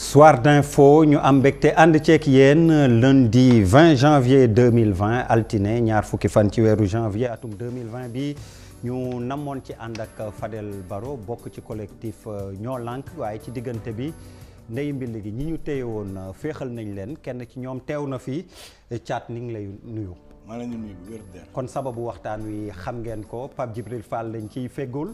soir d'info ñu am mbégte ànd ceek yéen lundi 20 janvier 2020 altine ñaar fukki fan ci weeru janvier atum 2020 bi ñu namoon ci ànd ak Fadel Baro bokk ci collectif euh, ñoo lank waaye ci diggante bi ndey mbill gi ñi ñu téye woon féexal nañ leen kenn ci ñoom teew na fi caat ni ngi lay nuyu maa kon sababu waxtaan wi xam ngeen ko Pape Djibril Fall lañ ciy feggool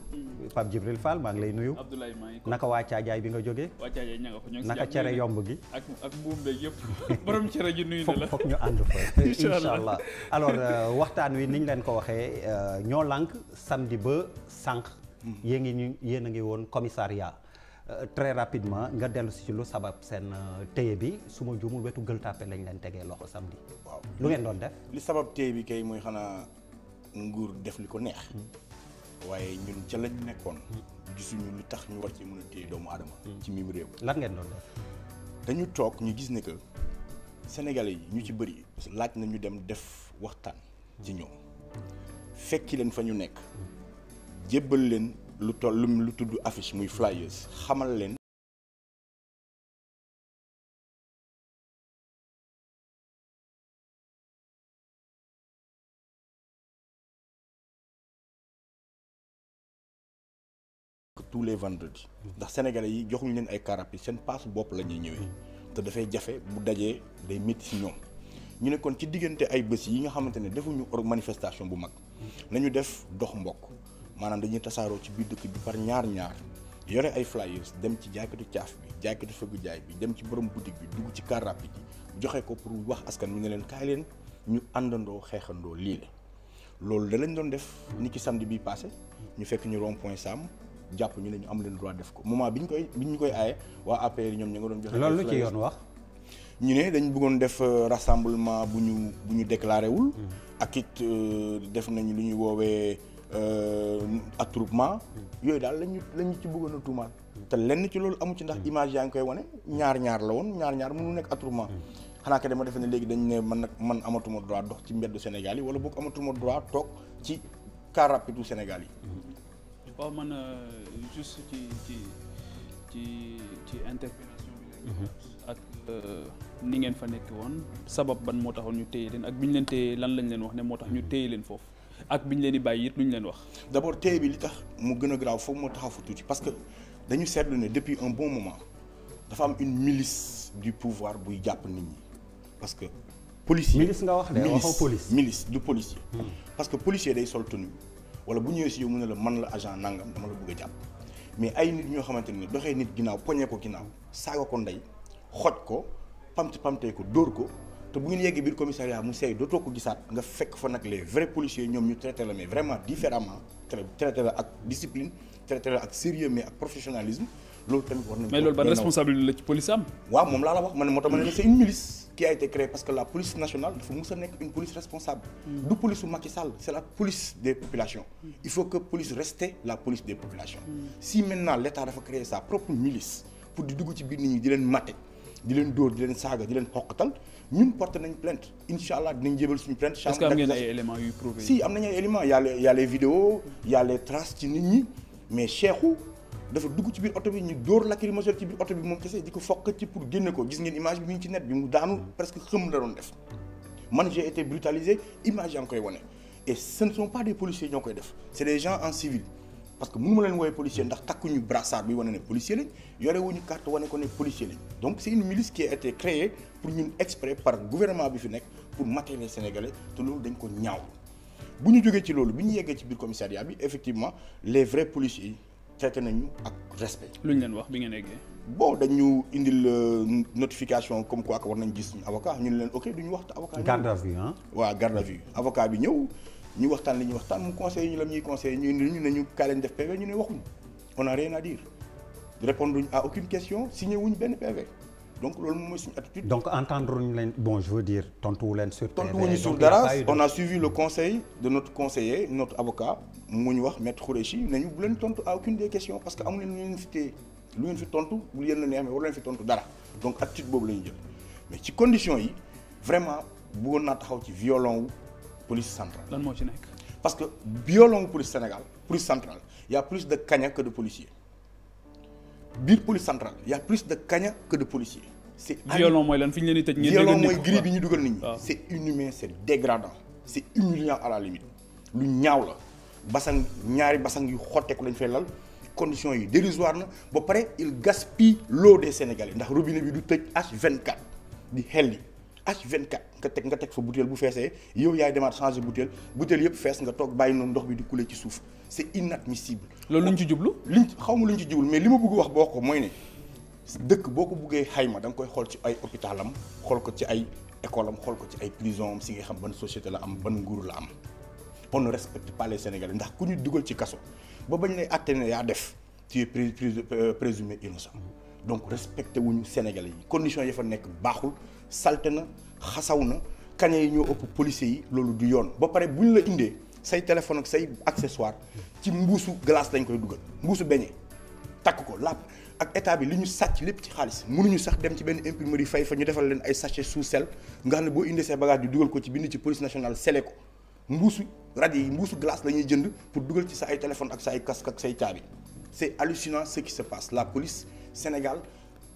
Pape Djibril Fall maa ngi lay nuyu Abdoulaye maa naka waa caajaay bi nga jógee waa caajaay ña nga naka cere yomb gi ak ak mbuum beeg yëpp borom cere ji nuyu na la foog ñu ànd fa incha allah alors euh, waxtaan wi niñ leen ko waxee euh, ñoo lànk samedi ba sànq hmm. yéen ngi ñu yéen a ngi woon commissariat Euh, très rapidement nga dellu si ci lu sabab seen euh, téye bi su ma juumul wetu gël tàppe lañ leen tegee loxo li waaw lu ngeen doon def. li sabab téye bi kay mooy xanaa nguur def li ko neex. Hmm. waaye ñun ca lañ nekkoon. Hmm. gisuñu lu tax ñu war ci mun a téye doomu aadama. Hmm. ci mim réew. lan ngeen doon def. dañu toog ñu gis ne que sénégalais yi ñu ci bëri. laaj na ñu dem def waxtaan. ci ñoom fekki leen fa ñu nekk. jébbal leen. lu toll lu tudd affiche muy flyers xamal leen. tous les vendredis ndax sénégalais yi joxuñu leen ay car rapide seen paasu bopp lañuy ñuy ñëwee te dafay jafe bu dajee day métti si ñoom ñu ne kon ci diggante ay bés yi nga xamante ne defuñu manifestation bu mag nañu def dox mbokk maanaam dañuy tasaaroo ci biir dëkk bi par ñaar ñaar yore ay flyers dem ci jaaykatu caaf bi jaaykatu fegu jaay bi dem ci borom boutique bi dugg ci car rapide bi joxe ko pour wax askan wi ne leen kaay leen ñu àndandoo xeexandoo lii la loolu da lañ doon def nit ki samedi bi passé ñu fekk ñu rond point Sam jàpp ñu ne ñu am leen droit def ko moment bi ñu koy bi ñu koy aaye waa APR ñoom ña nga doon joxe. loolu lu ci yoon wax. ñu ne dañ bëggoon def euh, rassemblement bu ñu bu ñu déclaré wul. Mm. ak it euh, def nañ lu ñuy woowee. Euh, attroupement yooyu daal lañu lañu ci bëggoon a tuumaal te lenn ci loolu amu ci ndax mm. image yaa ngi koy wane ñaar ñaar la woon ñaar ñaar mënu nekk attroupement mm. xanaa kay dama defe ne léegi dañ ne man nag man amatuma droit dox ci mbeddu Sénégal yi wala boog amatuma droit toog ci car rapide Sénégal yi waaw mm. man euh, juste ci ci ci ci interpellation bi mm-hmm. ak euh, ni ngeen fa nekk woon sabab ban moo taxoon ñu téye leen ak bi ñu leen téye lan lañ leen wax ne moo tax ñu mm-hmm. téye leen foofu ak bi ñu leen di bàyyi lu ñu leen wax. d' abord bi li tax mu gën a grave foofu moo taxaw fa tuuti parce que dañu seetlu ne depuis un bon moment dafa am une milice du pouvoir buy jàpp nit ñi parce que. policier milice nga wax de waxoo police milice du policier. Hmm. parce que policier day sol tenue wala bu ñëwee si yow mu ne la man la agent nangam dama la bëgg a jàpp mais ay nit ñoo xamante ne doxee nit ginnaaw poñee ko ginnaaw saaga ko ndey xoj ko pamte pamtee ko dóor ko. te bu ngeen yeggee biir commissariat mu seey dootoo ko gisaat nga fekk fa nag les vrais policiers ñoom ñu traité la mais vraiment différemment traité la ak discipline traité la ak sérieux mais ak professionnalisme loolu tamit war nañu mais loolu police am. waaw moom laa la wax man moo tax ma ne c'est une milice qui a été créée parce que la police police responsable. Mm. du police su c'est la police des populations. il faut que police reste la police des populations. Mm. si maintenant l'État di leen dóor di leen saaga di leen xoqatal ñun porté nañ plainte incha allah dinañ jébal suñu plainte. est-ce que am si am nañ ay éléments y a les y a les vidéos y a les traces ci nit ñi mais Cheikhou dafa dugg ci biir oto bi ñu dóor lacrymogène ci biir oto bi moom kese di ko fokk ci pour génne ko gis ngeen image bi mu ngi ci net bi mu daanu presque xëm la doon def man j'ai été brutalisé image yaa ngi koy wane et ce ne sont pas des policiers ñoo koy def c'est des gens en civil. parce que mënu ma leen woowee policier ndax takkuñu brassard bi wane ne policier lañ yore wuñu carte wane ko ne policier lañ donc c' est une milice qui a été créée pour ñun exprès par gouvernement bi fi nekk pour mater les sénégalais te loolu dañ ko ñaaw bu ñu jógee ci loolu bi ñu yeggee ci biir commissariat bi effectivement les vrais policiers yi traité nañu ak respect. ñu leen wax bi ngeen yeggee. bon dañu indil euh, notification comme quoi que war nañ gis avocat ñu ne leen ok duñu wax te avocat. garde à vue ah. waaw garde à vue avocat ñu waxtaan li waxtaan mu conseil ñu la ñuy conseil ñu ñu ne ñu kaa leen def PV ñu ne waxuñu on a rien à dire répondre ñu à aucune question signé wuñ benn PV donc loolu moom mooy suñu attitude. donc entendre ñu leen bon je veux dire tontuwu leen sur. tontu wuñu sur dara on a suivi le conseil ñu bu leen tontu à aucune parce que amu leen lu fi tontu bu yéen la neexee war leen fi tontu dara donc attitude boobu la ñu jël mais ci condition yi vraiment buggoon naa taxaw ci violon wu. police centrale. lan moo ci nekk. parce que biolongu police Sénégal police centrale y' plus de kaña que de policiers biir police centrale y' plus de kaña que de policiers. c' est violon mooy lan fi ñu leen di tëj. violon mooy gris bi ñu dugal nit ñi. c' est inhumain c' est dégradant c' est lu ñaaw la basang ñaari basang yu xotteeku lañ fay lal conditions yi dérisoire na ba pare il gaspille l'eau des Sénégalais ndax robinet bi du tëj H24 di xelli. H24 nga teg nga teg fa butéel bu feesee yow yaay demaat changer butéel butéel yëpp fees nga toog bàyyi noonu ndox bi di kulee ci suuf c'est inadmissible. loolu luñ ci jublu. liñ xaw ma luñ ci jublu mais li ma bëgg wax boo ko mooy ne dëkk boo ko buggee xayma da nga koy xool ci ay hôpitalam xool ko ci ay école am xool ko ci ay prison am si ngay xam ban société la am ban nguur la am on ne respecte sénégal les ndax ku ñu dugal ci kaso ba bañ lay àtte ne yaa def tu es présumé innocent donc respecté wuñu Sénégalais yi conditions yi fa nekk baaxul. salte na xasaw na kaña yi ñoo ëpp policiers yi loolu du yoon ba pare bu ñu la indee say téléphone ak say accessoire ci mbuusu glace lañ koy dugal mbuusu beñe takk ko làpp ak état bi li ñu sàcc lépp ci xaalis ñu sax dem ci benn yi fay fa ñu defal leen ay sachet sous sel nga xam ne boo indee say bagage di dugal ko ci bind ci police nationale sele ko mbuusu rajo yi mbuusu glace lañuy jënd pour dugal ci sa ay téléphone ak sa ay casque ak say caabi c'est hallucinant ce qui la police Sénégal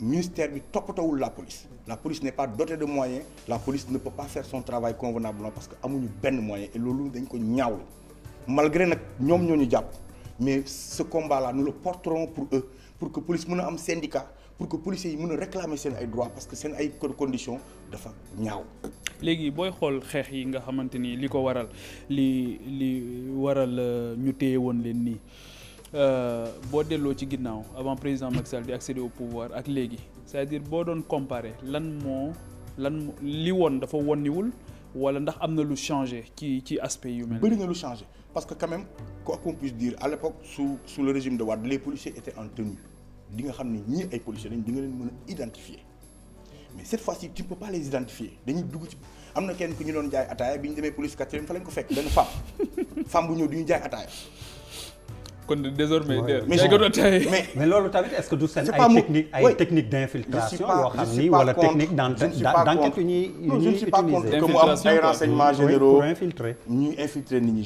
ministère bi toppatawul la police la police n'est pas dotée de moyens la police ne peut pas faire son travail convenablement parce que amuñu benn moyen et loolu dañ ko ñaawlu malgré nag ñoom ñoo ñu jàpp mais ce combat là nous le porterons pour eux pour que police mën a am syndicat pour que policiers yi mën a réclamer seen ay droits parce que seen ay conditions dafa ñaaw. léegi booy xool xeex yi nga xamante ni li ko waral li li waral euh, ñu téye woon leen nii. Euh, boo delloo ci ginnaaw avant président Macky Sall di accéder au pouvoir ak léegi c'est-à-dire boo doon comparer lan moo lan li woon dafa wonniwul wala ndax am na lu changer ci ci aspect yu mel. bëri na lu changé parce que quand même quoi qu'on puisse dire à l'époque sous sous le régime de Wade les policiers étaient en tenue di nga xam ne ñii ay policiers lañ di nga leen mën a identifier mais cette fois-ci tu ne pas les dugg ci am na kenn ku ñu doon jaay ataaya bi ñu demee police quatrième lañ ko fekk benn femme femme bu ñëw du ñu jaay ataaya. kon désormais mais loolu tamit est-ce que du seen ay technique ay technique d'infiltration yoo xam ni wala technique d'enquête yu ñuy ñuy que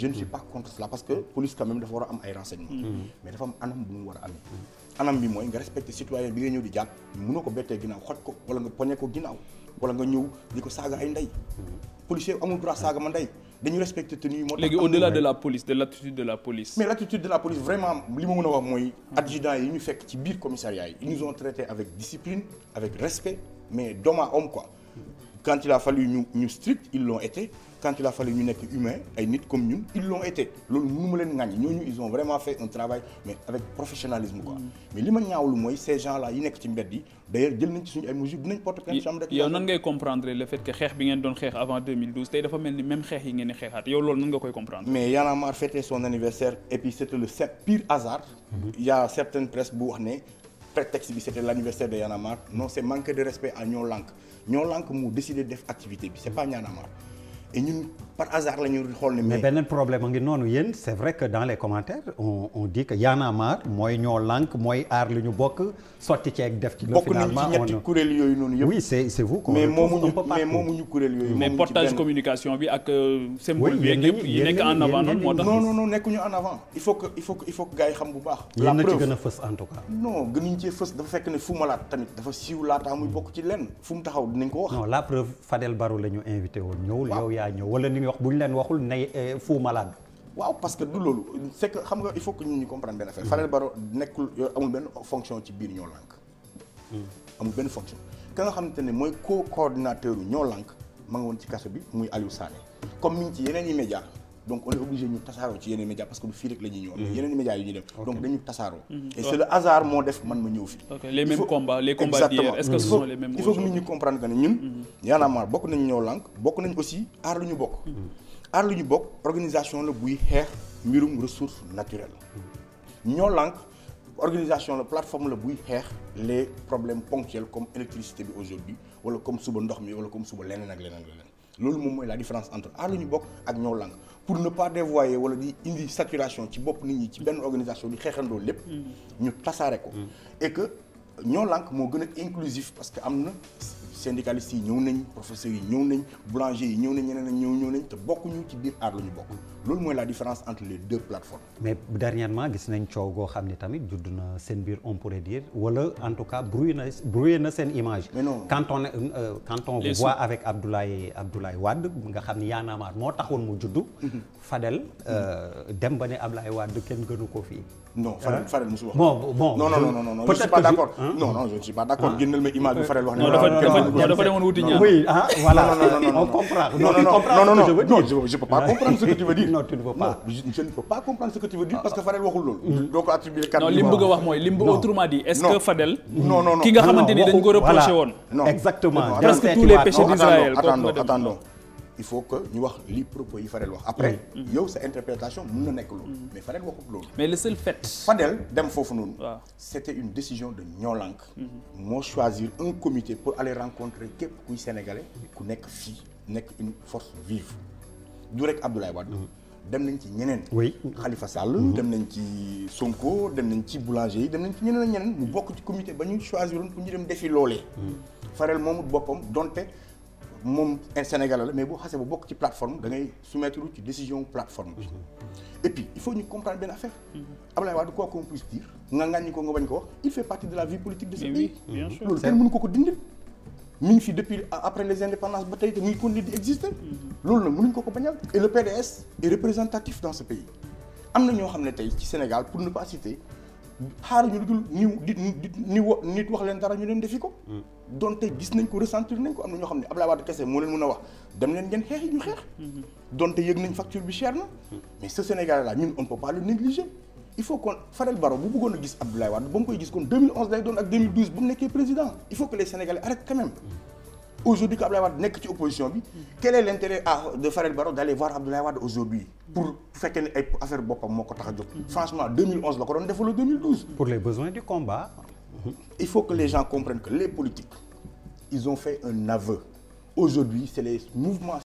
je ne suis pas contre cela parce police quand même dafa war am ay renseignements mm. mais dafa am anam bu war a anam bi mooy nga respecté citoyen bi nga ñëw di jàpp mënoo ko bettee ginnaaw xoj ko wala nga poñe ko ginnaaw wala nga ñëw di ko saaga ay ndey mm-hmm. policier amul droit saaga ma ndey dañu respecté tenue moo léegi au delà de la police de l'attitude de la police mais l'attitude a wax mooy mm-hmm. adjudant yi ñu fekk ci biir commissariat yi ils nous ont traité avec discipline avec respect mais d'homme à homme quoi mm-hmm. quand il a fallu ñu ñu strict ils l'ont été quand il a fallu ñu nekk humain ay nit comme ñun ils l'ont été loolu mm. comprendre le fait que xeex bi ngeen doon xeex avant tey dafa mel ni même xeex yi ngeen xeexaat yow loolu nan koy comprendre mais Y'en a marre anniversaire et puis c'était le pire hasard il y a bu wax ne prétexte bi c'était l'anniversaire de Y'en a c'est manque de respect à Noo Lank Noo Lank mu décidé def activité bi c'est pas Y'en et ñun par hasard la ñu xool ne. mais beneen problème a ngi noonu yéen c' est vrai que dans les commentaires on on dit que a marre mooy ñoo lànk mooy aar li ñu bokk sotti ceeg def ci. bokk nañ ci ñetti yooyu noonu yëpp. oui c' est c' est vous bi ak euh, symbole nekk en avant noonu moo nekkuñu en avant. il faut que il faut que il xam bu baax. la preuve na ci gën a fës en tout bokk ci lenn fu mu taxaw ko wax. non la preuve Fadel Barro la invité woon ñëwul yow yaa ñëw wala li nga wax bu ñu leen waxul nay eh, fu malade. waaw parce que du loolu c'est xam nga il faut que ñun ñu comprendre benn affaire. Fadel Barro nekkul euh, amul benn fonction ci biir ñoo lànk. Hmm. amul benn fonction ka nga xamante ne mooy co coordinateur ñoo lànk ma nga woon ci kaso bi muy Aliou Sané comme mi ci yeneen i média donc on est obligé ñu tasaaroo ci yeneen médias parce que du fii rek la ñuy ñëw mm-hmm. yeneen médias yu ñuy dem donc dañu tasaaroo mm-hmm. et c'est le hasard moo def man ma ñëw fi les mêmes combats les combats d'hier est-ce que ce sont les mêmes il faut que nit ñi comprendre que ne ñun mm-hmm. Y'en a marre bokk nañ ñoo lànk bokk nañ aussi aar lu ñu bokk aar lu ñu bokk organisation la buy xeex mbirum ressource naturelle ñoo lànk organisation la plateforme la buy xeex les problèmes ponctuels comme électricité bi aujourd'hui wala comme suba ndox mi wala comme suba leneen ak leneen ak leneen loolu moom mooy la différence entre aar lu ñu bokk ak ñoo lànk pour ne pas dévoyer wala di indi saturation ci bopp nit ñi ci benn organisation di xeexandoo lépp. Mm. ñu tasaare ko. Mm. et que ñoo lànk moo gën a inclusif parce que am na syndicalistes yi ñëw nañ professeurs yi ñëw nañ boulanger yi ñëw nañ ñeneen ak ñëw ñëw nañ te bokkuñu ci biir aar la ñu bokk loolu mooy la différence entre les deux plateformes. mais dernièrement gis nañ coow goo xam ne tamit judd na seen biir on pourrait dire wala en tout cas brouillé na brouillé na seen image. mais non quand on euh, quand on les voit avec Abdoulaye Abdoulaye nga xam ni Y'en a marre moo taxoon mu judd. Mhm. Fadel euh, dem ba ne Abdoulaye Wade kenn gënu ko fii. non non je ne suis pas d' accord génneel ma image bu Farel wax ne. non dafa dafa demoon wuti ñaar oui ah voilà on comprend. non non non non je peux pas comprendre ce que tu veux dire. non tu ne peux pas je ne peux pas comprendre ce que tu veux dire parce que Farel waxul loolu. donc attribuer non li mu bëgg a wax mooy li mu autrement dit est ce que Fadel. non non non ki nga xamante ni dañ ko reproché woon. non exactement presque tous les péchés d' Israël. attendons attendons il faut que ñu wax li propos yi Fadel wax après mm. Mm. yow sa interprétation mun na nekk loolu mm. mais Fadel waxut loolu mais le seul fet Fadel dem foofu noonu c'était une décision de Ñoolank mm-hmm. moo choisir un comité pour aller rencontrer képp kuy sénégalais ku nekk fii nekk une force vive du rek Abdoulaye Wade mm-hmm. dem nañ ci ñeneen. oui Khalifa Sall. Mm-hmm. dem nañ ci Sonko dem nañ ci boulanger yi dem nañ ci ñeneen ak ñeneen. mu bokk ci comité ba ñu choisir ku ñu dem defi loolee. Fadel moomut boppam donte. moom un Sénégalais la mais boo xasee bu bokk ci plateforme da ngay soumettre ci décision plateforme bi et puis il faut ñu comprendre benn affaire mm-hmm. Ablaye Wade quoi qu'on puisse dire nga ngàññi ko nga bañ ko wax il fait partie de la vie politique de ce pays loolu kenn mënu ko ko dindil mi ngi fi depuis après les indépendances ba tey te mu ngi continuer di exister mm-hmm. loolu nag mënuñ ko ko bañal et le PDS est représentatif dans ce pays am na ñoo xam ne tey ci Sénégal pour ne pas citer xaaruñu lu dul niw di ni nit wax leen dara ñu leen defi ko donte gis nañ ko ressentir nañ ko am na ñoo xam ne Abdoulaye Wade kese moo leen mën a wax dem leen ngeen xeex ñu xeex donte yëg nañ facture bi cher na mais ce Sénégal là ñun on peut pas le négliger il faut qu'on Fadel Barro bu bëggoon a gis Abdoulaye Wade ba mu koy gis kon 2011 lay doon ak 2012 bu mu nekkee président il faut que les Sénégalais arrêtent quand aujourd'hui que Abdoulaye Wade nekk ci opposition bi quel est l'intérêt de Farid Barro d'aller voir Abdoulaye Wade aujourd'hui pour bu affaire boppam moo ko tax a jóg franchement 2011 la ko doon defal 2012 pour les besoins du combat il faut que les gens comprennent que les politiques ils ont fait un aveu aujourd'hui c'est les mouvements